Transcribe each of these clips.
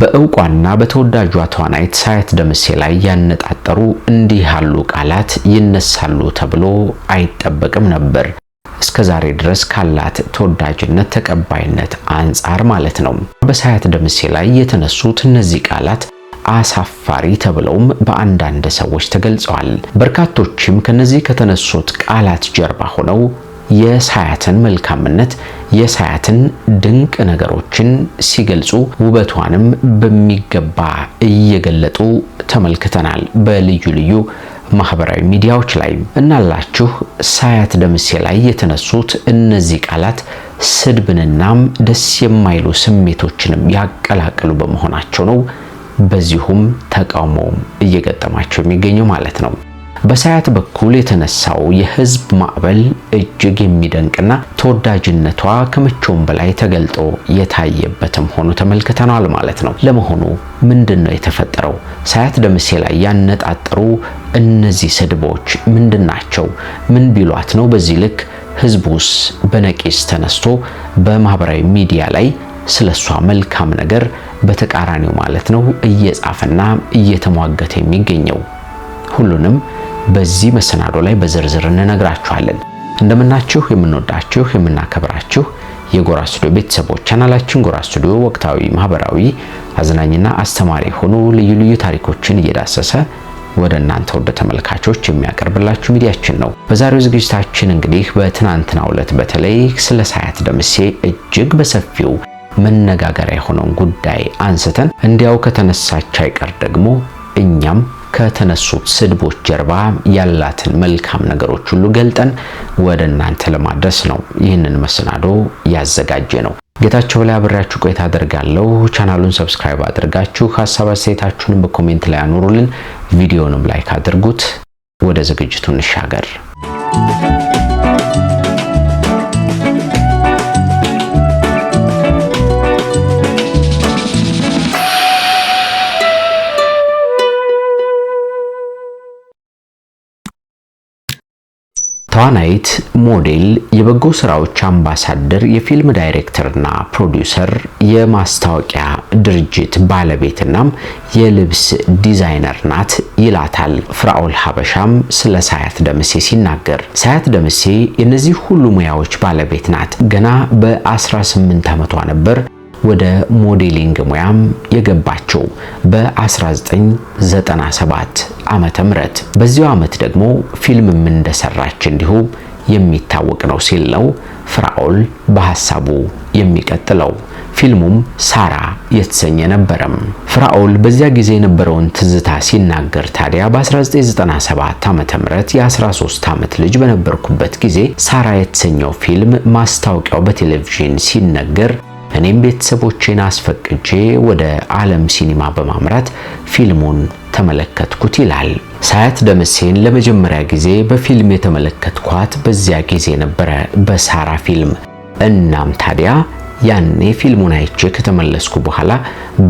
በእውቋና በተወዳጇ ተዋናይት ሳያት ደምሴ ላይ ያነጣጠሩ እንዲህ ያሉ ቃላት ይነሳሉ ተብሎ አይጠበቅም ነበር። እስከ ዛሬ ድረስ ካላት ተወዳጅነት ተቀባይነት አንጻር ማለት ነው። በሳያት ደምሴ ላይ የተነሱት እነዚህ ቃላት አሳፋሪ ተብለውም በአንዳንድ ሰዎች ተገልጸዋል። በርካቶችም ከነዚህ ከተነሱት ቃላት ጀርባ ሆነው የሳያትን መልካምነት የሳያትን ድንቅ ነገሮችን ሲገልጹ ውበቷንም በሚገባ እየገለጡ ተመልክተናል በልዩ ልዩ ማህበራዊ ሚዲያዎች ላይ እናላችሁ። ሳያት ደምሴ ላይ የተነሱት እነዚህ ቃላት ስድብንናም ደስ የማይሉ ስሜቶችንም ያቀላቀሉ በመሆናቸው ነው። በዚሁም ተቃውሞውም እየገጠማቸው የሚገኘው ማለት ነው። በሳያት በኩል የተነሳው የህዝብ ማዕበል እጅግ የሚደንቅና ተወዳጅነቷ ከመቼውም በላይ ተገልጦ የታየበትም ሆኖ ተመልክተናል ማለት ነው። ለመሆኑ ምንድን ነው የተፈጠረው? ሳያት ደምሴ ላይ ያነጣጠሩ እነዚህ ስድቦች ምንድን ናቸው? ምን ቢሏት ነው በዚህ ልክ ህዝቡስ በነቂስ ተነስቶ በማህበራዊ ሚዲያ ላይ ስለሷ መልካም ነገር በተቃራኒው ማለት ነው እየጻፈና እየተሟገተ የሚገኘው ሁሉንም በዚህ መሰናዶ ላይ በዝርዝር እንነግራችኋለን። እንደምናችሁ የምንወዳችሁ የምናከብራችሁ የጎራ ስቱዲዮ ቤተሰቦች ቻናላችን ጎራ ስቱዲዮ ወቅታዊ፣ ማህበራዊ፣ አዝናኝና አስተማሪ የሆኑ ልዩ ልዩ ታሪኮችን እየዳሰሰ ወደ እናንተ ወደ ተመልካቾች የሚያቀርብላችሁ ሚዲያችን ነው። በዛሬው ዝግጅታችን እንግዲህ በትናንትናው ዕለት በተለይ ስለ ሳያት ደምሴ እጅግ በሰፊው መነጋገሪያ የሆነውን ጉዳይ አንስተን እንዲያው ከተነሳች አይቀር ደግሞ እኛም ከተነሱት ስድቦች ጀርባ ያላትን መልካም ነገሮች ሁሉ ገልጠን ወደ እናንተ ለማድረስ ነው ይህንን መሰናዶ ያዘጋጀ ነው። ጌታቸው ላይ አብሬያችሁ ቆይታ አደርጋለሁ። ቻናሉን ሰብስክራይብ አድርጋችሁ ሀሳብ አስተያየታችሁንም በኮሜንት ላይ አኖሩልን። ቪዲዮንም ላይክ አድርጉት። ወደ ዝግጅቱ እንሻገር። ተዋናይት፣ ሞዴል፣ የበጎ ስራዎች አምባሳደር፣ የፊልም ዳይሬክተርና ፕሮዲውሰር፣ የማስታወቂያ ድርጅት ባለቤትናም የልብስ ዲዛይነር ናት ይላታል ፍራኦል ሀበሻም ስለ ሳያት ደምሴ ሲናገር። ሳያት ደምሴ የእነዚህ ሁሉ ሙያዎች ባለቤት ናት። ገና በ18 ዓመቷ ነበር ወደ ሞዴሊንግ ሙያም የገባቸው በ1997 ዓመተ ምህረት በዚሁ ዓመት ደግሞ ፊልምም እንደሰራች እንዲሁ የሚታወቅ ነው ሲል ነው ፍራኦል በሐሳቡ የሚቀጥለው። ፊልሙም ሳራ የተሰኘ ነበረም። ፍራኦል በዚያ ጊዜ የነበረውን ትዝታ ሲናገር ታዲያ በ1997 ዓ ም የ13 ዓመት ልጅ በነበርኩበት ጊዜ ሳራ የተሰኘው ፊልም ማስታወቂያው በቴሌቪዥን ሲነገር እኔም ቤተሰቦቼን አስፈቅጄ ወደ ዓለም ሲኒማ በማምራት ፊልሙን ተመለከትኩት ይላል። ሳያት ደመሴን ለመጀመሪያ ጊዜ በፊልም የተመለከትኳት በዚያ ጊዜ ነበረ፣ በሳራ ፊልም። እናም ታዲያ ያኔ ፊልሙን አይቼ ከተመለስኩ በኋላ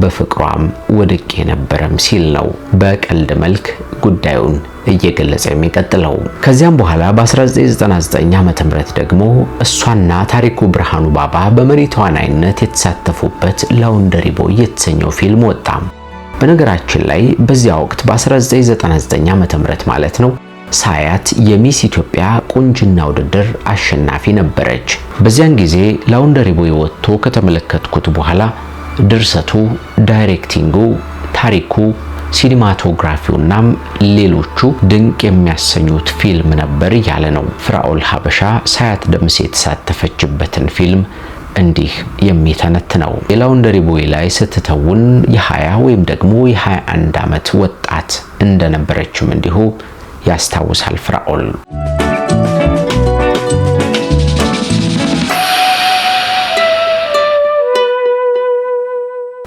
በፍቅሯም ወድቄ ነበረም ሲል ነው በቀልድ መልክ ጉዳዩን እየገለጸ የሚቀጥለው። ከዚያም በኋላ በ1999 ዓ ም ደግሞ እሷና ታሪኩ ብርሃኑ ባባ በመሪ ተዋናይነት የተሳተፉበት ላውንደሪ ቦይ የተሰኘው ፊልም ወጣ። በነገራችን ላይ በዚያ ወቅት በ1999 ዓ ም ማለት ነው ሳያት የሚስ ኢትዮጵያ ቁንጅና ውድድር አሸናፊ ነበረች። በዚያን ጊዜ ላውንደሪ ቦይ ወጥቶ ከተመለከትኩት በኋላ ድርሰቱ፣ ዳይሬክቲንጉ፣ ታሪኩ፣ ሲኒማቶግራፊውናም ሌሎቹ ድንቅ የሚያሰኙት ፊልም ነበር እያለ ነው። ፍራኦል ሀበሻ ሳያት ደምሴ የተሳተፈችበትን ፊልም እንዲህ የሚተነት ነው። የላውንደሪ ቦይ ላይ ስትተውን የ20 ወይም ደግሞ የ21 ዓመት ወጣት እንደነበረችም እንዲሁ ያስታውሳል ፍራኦል።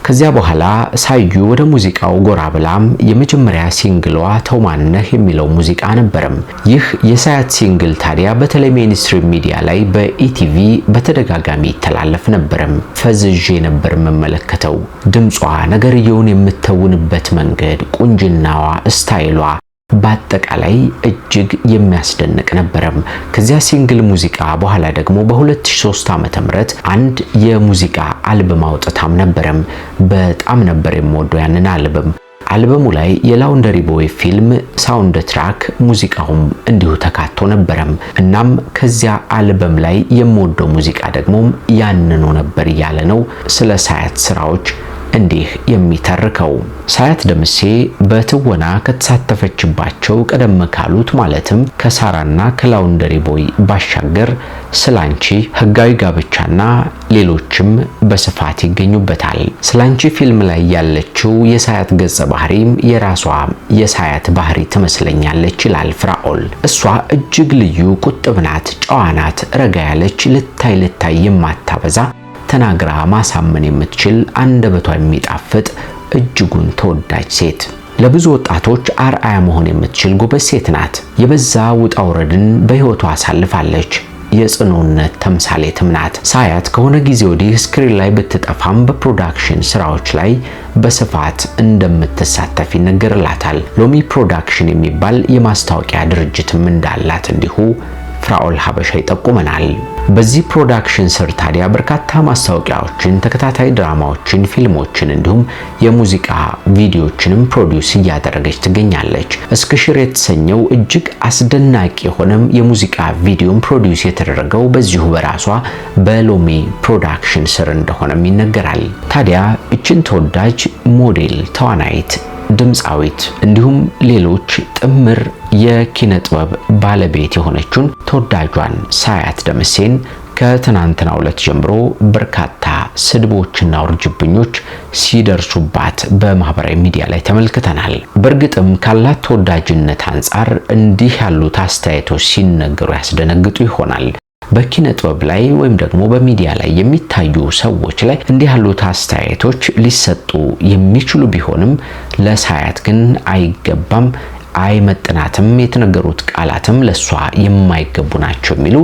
ከዚያ በኋላ ሳዩ ወደ ሙዚቃው ጎራ ብላም የመጀመሪያ ሲንግሏ ተውማነህ የሚለው ሙዚቃ ነበርም። ይህ የሳያት ሲንግል ታዲያ በተለይ ሜንስትሪም ሚዲያ ላይ በኢቲቪ በተደጋጋሚ ይተላለፍ ነበርም። ፈዝዤ ነበር የምመለከተው። ድምጿ ነገርየውን የምተውንበት መንገድ፣ ቁንጅናዋ፣ ስታይሏ በአጠቃላይ እጅግ የሚያስደንቅ ነበረም። ከዚያ ሲንግል ሙዚቃ በኋላ ደግሞ በ2003 ም አንድ የሙዚቃ አልበም አውጥታም ነበረም። በጣም ነበር የምወደው ያንን አልበም። አልበሙ ላይ የላውንደሪ ቦይ ፊልም ሳውንድ ትራክ ሙዚቃውም እንዲሁ ተካቶ ነበረም። እናም ከዚያ አልበም ላይ የምወደው ሙዚቃ ደግሞ ያንኑ ነበር እያለ ነው ስለ ሳያት ስራዎች እንዲህ የሚተርከው ሳያት ደምሴ በትወና ከተሳተፈችባቸው ቀደም ካሉት ማለትም ከሳራና ከላውንደሪ ቦይ ባሻገር ስላንቺ፣ ህጋዊ ጋብቻና ሌሎችም በስፋት ይገኙበታል። ስላንቺ ፊልም ላይ ያለችው የሳያት ገጸ ባህሪም የራሷ የሳያት ባህሪ ትመስለኛለች ይላል ፍራኦል። እሷ እጅግ ልዩ ቁጥብናት፣ ጨዋናት፣ ረጋ ያለች ልታይ ልታይ የማታበዛ ተናግራ ማሳመን የምትችል አንደበቷ የሚጣፍጥ እጅጉን ተወዳጅ ሴት ለብዙ ወጣቶች አርአያ መሆን የምትችል ጎበዝ ሴት ናት። የበዛ ውጣ ውረድን በሕይወቷ አሳልፋለች። የጽኑነት ተምሳሌትም ናት። ሳያት ከሆነ ጊዜ ወዲህ ስክሪን ላይ ብትጠፋም በፕሮዳክሽን ስራዎች ላይ በስፋት እንደምትሳተፍ ይነገርላታል። ሎሚ ፕሮዳክሽን የሚባል የማስታወቂያ ድርጅትም እንዳላት እንዲሁ ፍራኦል ሀበሻ ይጠቁመናል። በዚህ ፕሮዳክሽን ስር ታዲያ በርካታ ማስታወቂያዎችን፣ ተከታታይ ድራማዎችን፣ ፊልሞችን እንዲሁም የሙዚቃ ቪዲዮዎችንም ፕሮዲውስ እያደረገች ትገኛለች። እስክሽር የተሰኘው እጅግ አስደናቂ የሆነም የሙዚቃ ቪዲዮም ፕሮዲውስ የተደረገው በዚሁ በራሷ በሎሚ ፕሮዳክሽን ስር እንደሆነም ይነገራል። ታዲያ እችን ተወዳጅ ሞዴል፣ ተዋናይት፣ ድምፃዊት እንዲሁም ሌሎች ጥምር የኪነ ጥበብ ባለቤት የሆነችውን ተወዳጇን ሳያት ደምሴን ከትናንትና ዕለት ጀምሮ በርካታ ስድቦችና ውርጅብኞች ሲደርሱባት በማህበራዊ ሚዲያ ላይ ተመልክተናል። በእርግጥም ካላት ተወዳጅነት አንጻር እንዲህ ያሉት አስተያየቶች ሲነገሩ ያስደነግጡ ይሆናል። በኪነ ጥበብ ላይ ወይም ደግሞ በሚዲያ ላይ የሚታዩ ሰዎች ላይ እንዲህ ያሉት አስተያየቶች ሊሰጡ የሚችሉ ቢሆንም ለሳያት ግን አይገባም፣ አይመጥናትም፣ የተነገሩት ቃላትም ለሷ የማይገቡ ናቸው የሚሉ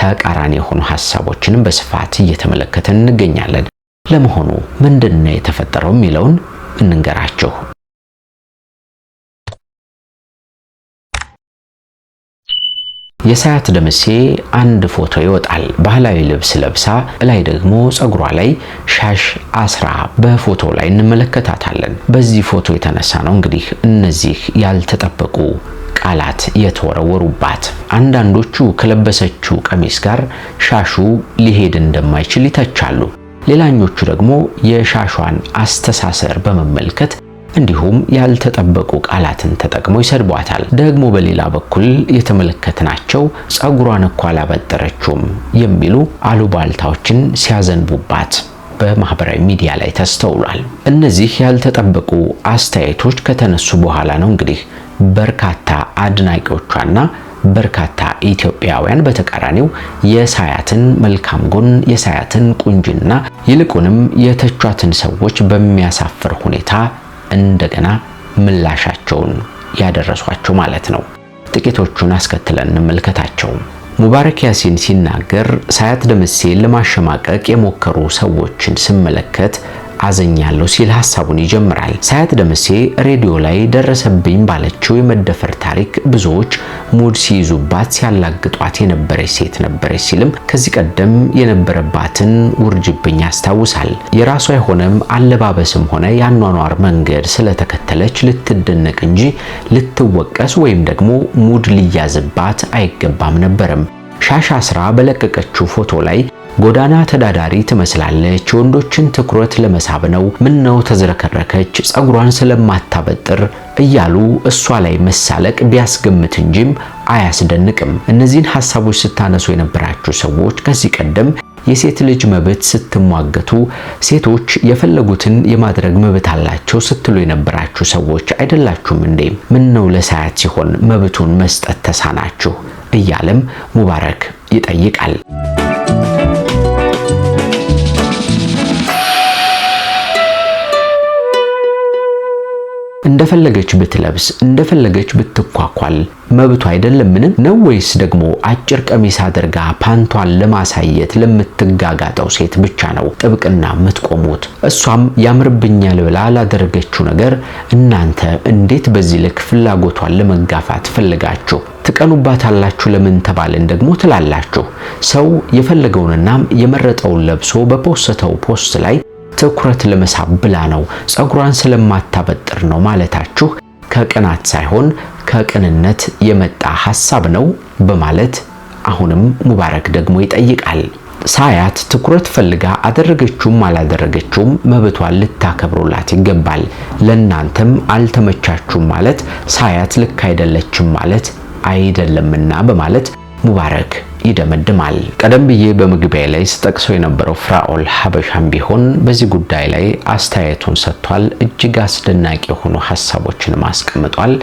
ተቃራኒ የሆኑ ሀሳቦችንም በስፋት እየተመለከትን እንገኛለን። ለመሆኑ ምንድን ነው የተፈጠረው የሚለውን እንንገራችሁ። የሳያት ደምሴ አንድ ፎቶ ይወጣል። ባህላዊ ልብስ ለብሳ ላይ ደግሞ ጸጉሯ ላይ ሻሽ አስራ በፎቶ ላይ እንመለከታታለን። በዚህ ፎቶ የተነሳ ነው እንግዲህ እነዚህ ያልተጠበቁ ቃላት የተወረወሩባት። አንዳንዶቹ ከለበሰችው ቀሚስ ጋር ሻሹ ሊሄድ እንደማይችል ይተቻሉ። ሌላኞቹ ደግሞ የሻሿን አስተሳሰር በመመልከት እንዲሁም ያልተጠበቁ ቃላትን ተጠቅመው ይሰድቧታል። ደግሞ በሌላ በኩል የተመለከትናቸው ጸጉሯን እኮ አላበጠረችውም የሚሉ አሉባልታዎችን ሲያዘንቡባት በማህበራዊ ሚዲያ ላይ ተስተውሏል። እነዚህ ያልተጠበቁ አስተያየቶች ከተነሱ በኋላ ነው እንግዲህ በርካታ አድናቂዎቿና በርካታ ኢትዮጵያውያን በተቃራኒው የሳያትን መልካም ጎን የሳያትን ቁንጅና ይልቁንም የተቿትን ሰዎች በሚያሳፍር ሁኔታ እንደገና ምላሻቸውን ያደረሷቸው ማለት ነው። ጥቂቶቹን አስከትለን እንመልከታቸው። ሙባረክ ያሲን ሲናገር ሳያት ደምሴ ለማሸማቀቅ የሞከሩ ሰዎችን ስመለከት አዘኛለሁ ሲል ሀሳቡን ይጀምራል። ሳያት ደምሴ ሬዲዮ ላይ ደረሰብኝ ባለችው የመደፈር ታሪክ ብዙዎች ሙድ ሲይዙባት ሲያላግጧት የነበረች ሴት ነበረች ሲልም ከዚህ ቀደም የነበረባትን ውርጅብኝ ያስታውሳል። የራሷ የሆነም አለባበስም ሆነ የአኗኗር መንገድ ስለተከተለች ልትደነቅ እንጂ ልትወቀስ ወይም ደግሞ ሙድ ሊያዝባት አይገባም ነበርም። ሻሽ አስራ በለቀቀችው ፎቶ ላይ ጎዳና ተዳዳሪ ትመስላለች፣ የወንዶችን ትኩረት ለመሳብ ነው፣ ምነው ተዝረከረከች ጸጉሯን ስለማታበጥር እያሉ እሷ ላይ መሳለቅ ቢያስገምት እንጂም አያስደንቅም። እነዚህን ሀሳቦች ስታነሱ የነበራችሁ ሰዎች ከዚህ ቀደም የሴት ልጅ መብት ስትሟገቱ ሴቶች የፈለጉትን የማድረግ መብት አላቸው ስትሉ የነበራችሁ ሰዎች አይደላችሁም እንዴ? ምን ነው ለሳያት ሲሆን መብቱን መስጠት ተሳናችሁ እያለም ሙባረክ ይጠይቃል። እንደፈለገች ብትለብስ እንደፈለገች ብትኳኳል መብቱ አይደለምን ነው ወይስ ደግሞ አጭር ቀሚስ አድርጋ ፓንቷን ለማሳየት ለምትጋጋጠው ሴት ብቻ ነው ጥብቅና የምትቆሙት? እሷም ያምርብኛል ብላ ላደረገችው ነገር እናንተ እንዴት በዚህ ልክ ፍላጎቷን ለመጋፋት ፈልጋችሁ ትቀኑባታላችሁ? ለምን ተባልን ደግሞ ትላላችሁ። ሰው የፈለገውንና የመረጠውን ለብሶ በፖሰተው ፖስት ላይ ትኩረት ለመሳብ ብላ ነው ጸጉሯን ስለማታበጥር ነው ማለታችሁ ከቅናት ሳይሆን ከቅንነት የመጣ ሐሳብ ነው በማለት አሁንም ሙባረክ ደግሞ ይጠይቃል። ሳያት ትኩረት ፈልጋ አደረገችውም አላደረገችውም መብቷን ልታከብሩላት ይገባል። ለእናንተም አልተመቻችሁም ማለት ሳያት ልክ አይደለችም ማለት አይደለምና በማለት ሙባረክ ይደመድማል። ቀደም ብዬ በመግቢያ ላይ ስጠቅሰው የነበረው ፍራኦል ሀበሻም ቢሆን በዚህ ጉዳይ ላይ አስተያየቱን ሰጥቷል። እጅግ አስደናቂ የሆኑ ሀሳቦችንም አስቀምጧል።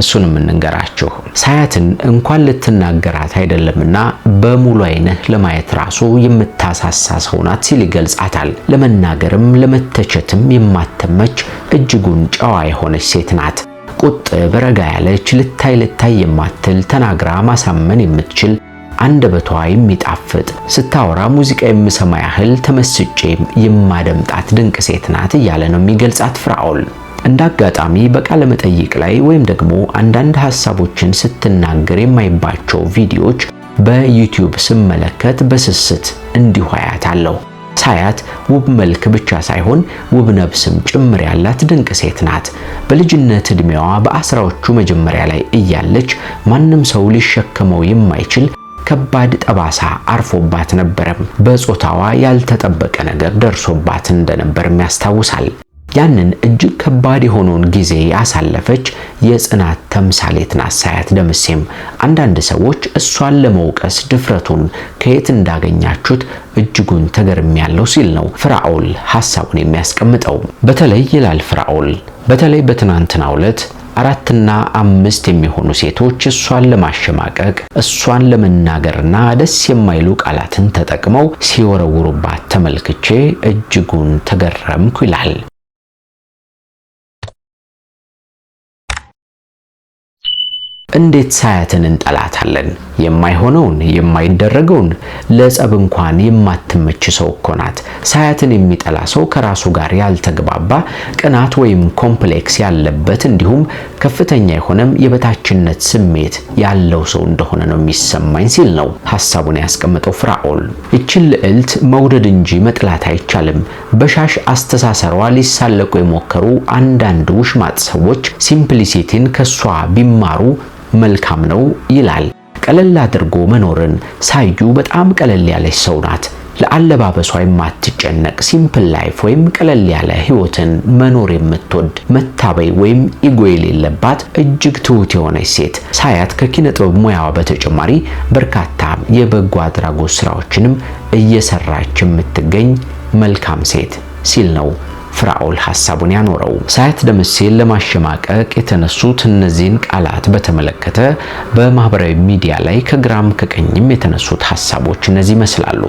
እሱንም እንንገራችሁ። ሳያትን እንኳን ልትናገራት አይደለምና በሙሉ አይነህ ለማየት ራሱ የምታሳሳ ሰው ናት ሲል ይገልጻታል። ለመናገርም ለመተቸትም የማተመች እጅጉን ጨዋ የሆነች ሴት ናት። ቁጥብ፣ ረጋ ያለች፣ ልታይ ልታይ የማትል ተናግራ ማሳመን የምትችል አንደበቷ የሚጣፍጥ ስታወራ ሙዚቃ የምሰማ ያህል ተመስጬ የማደምጣት ድንቅ ሴት ናት እያለ ነው የሚገልጻት ፍራኦል። እንደ አጋጣሚ በቃለ መጠይቅ ላይ ወይም ደግሞ አንዳንድ ሀሳቦችን ስትናገር የማይባቸው ቪዲዮዎች በዩቲዩብ ስመለከት በስስት እንዲሁ አያታለሁ። ሳያት ውብ መልክ ብቻ ሳይሆን ውብ ነፍስም ጭምር ያላት ድንቅ ሴት ናት። በልጅነት ዕድሜዋ በአስራዎቹ መጀመሪያ ላይ እያለች ማንም ሰው ሊሸከመው የማይችል ከባድ ጠባሳ አርፎባት ነበረም። በጾታዋ ያልተጠበቀ ነገር ደርሶባት እንደነበርም ያስታውሳል። ያንን እጅግ ከባድ የሆነውን ጊዜ ያሳለፈች የጽናት ተምሳሌት ናት ሳያት ደምሴም። አንዳንድ ሰዎች እሷን ለመውቀስ ድፍረቱን ከየት እንዳገኛችሁት እጅጉን ተገርሚያለሁ ሲል ነው ፍራኦል ሐሳቡን የሚያስቀምጠው። በተለይ ይላል ፍራኦል በተለይ በትናንትናው ዕለት አራትና አምስት የሚሆኑ ሴቶች እሷን ለማሸማቀቅ እሷን ለመናገርና ደስ የማይሉ ቃላትን ተጠቅመው ሲወረውሩባት ተመልክቼ እጅጉን ተገረምኩ ይላል። እንዴት ሳያትን እንጠላታለን? የማይሆነውን የማይደረገውን ለጸብ እንኳን የማትመች ሰው እኮ ናት። ሳያትን የሚጠላ ሰው ከራሱ ጋር ያልተግባባ፣ ቅናት ወይም ኮምፕሌክስ ያለበት እንዲሁም ከፍተኛ የሆነም የበታችነት ስሜት ያለው ሰው እንደሆነ ነው የሚሰማኝ ሲል ነው ሀሳቡን ያስቀመጠው ፍራኦል። ይችን ልዕልት መውደድ እንጂ መጥላት አይቻልም። በሻሽ አስተሳሰሯ ሊሳለቁ የሞከሩ አንዳንድ ውሽማጥ ሰዎች ሲምፕሊሲቲን ከሷ ቢማሩ መልካም ነው ይላል። ቀለል አድርጎ መኖርን ሳዩ በጣም ቀለል ያለች ሰው ናት። ለአለባበሷ የማትጨነቅ ሲምፕል ላይፍ ወይም ቀለል ያለ ህይወትን መኖር የምትወድ መታበይ ወይም ኢጎ የሌለባት እጅግ ትሁት የሆነች ሴት ሳያት ከኪነ ጥበብ ሙያዋ በተጨማሪ በርካታ የበጎ አድራጎት ስራዎችንም እየሰራች የምትገኝ መልካም ሴት ሲል ነው ፍራኦል ሐሳቡን ያኖረው። ሳያት ደመሴን ለማሸማቀቅ የተነሱት እነዚህን ቃላት በተመለከተ በማህበራዊ ሚዲያ ላይ ከግራም ከቀኝም የተነሱት ሐሳቦች እነዚህ ይመስላሉ።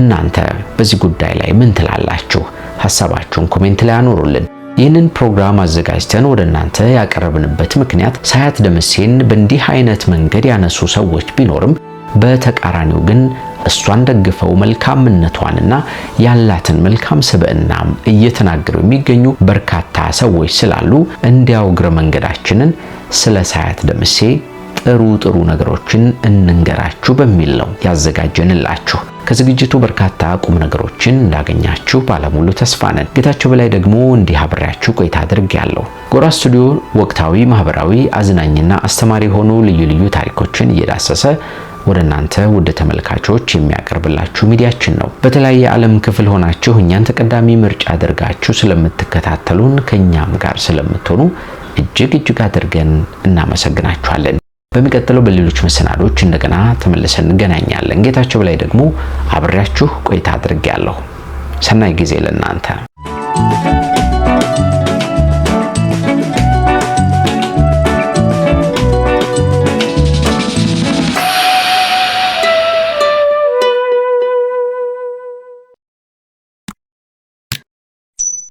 እናንተ በዚህ ጉዳይ ላይ ምን ትላላችሁ? ሐሳባችሁን ኮሜንት ላይ አኖሩልን። ይህንን ፕሮግራም አዘጋጅተን ወደ እናንተ ያቀረብንበት ምክንያት ሳያት ደመሴን በእንዲህ አይነት መንገድ ያነሱ ሰዎች ቢኖርም በተቃራኒው ግን እሷን ደግፈው መልካምነቷንና ያላትን መልካም ስብዕናም እየተናገሩ የሚገኙ በርካታ ሰዎች ስላሉ እንዲያው እግረ መንገዳችንን ስለ ሳያት ደምሴ ጥሩ ጥሩ ነገሮችን እንንገራችሁ በሚል ነው ያዘጋጀንላችሁ። ከዝግጅቱ በርካታ ቁም ነገሮችን እንዳገኛችሁ ባለሙሉ ተስፋ ነን። ጌታቸው በላይ ደግሞ እንዲህ አብሬያችሁ ቆይታ አድርግ ያለው ጎራ ስቱዲዮ ወቅታዊ፣ ማህበራዊ፣ አዝናኝና አስተማሪ የሆኑ ልዩ ልዩ ታሪኮችን እየዳሰሰ ወደ እናንተ ውድ ተመልካቾች የሚያቀርብላችሁ ሚዲያችን ነው። በተለያየ ዓለም ክፍል ሆናችሁ እኛን ተቀዳሚ ምርጫ አድርጋችሁ ስለምትከታተሉን ከእኛም ጋር ስለምትሆኑ እጅግ እጅግ አድርገን እናመሰግናችኋለን። በሚቀጥለው በሌሎች መሰናዶች እንደገና ተመልሰን እንገናኛለን። ጌታቸው በላይ ደግሞ አብሬያችሁ ቆይታ አድርጌያለሁ። ሰናይ ጊዜ ለእናንተ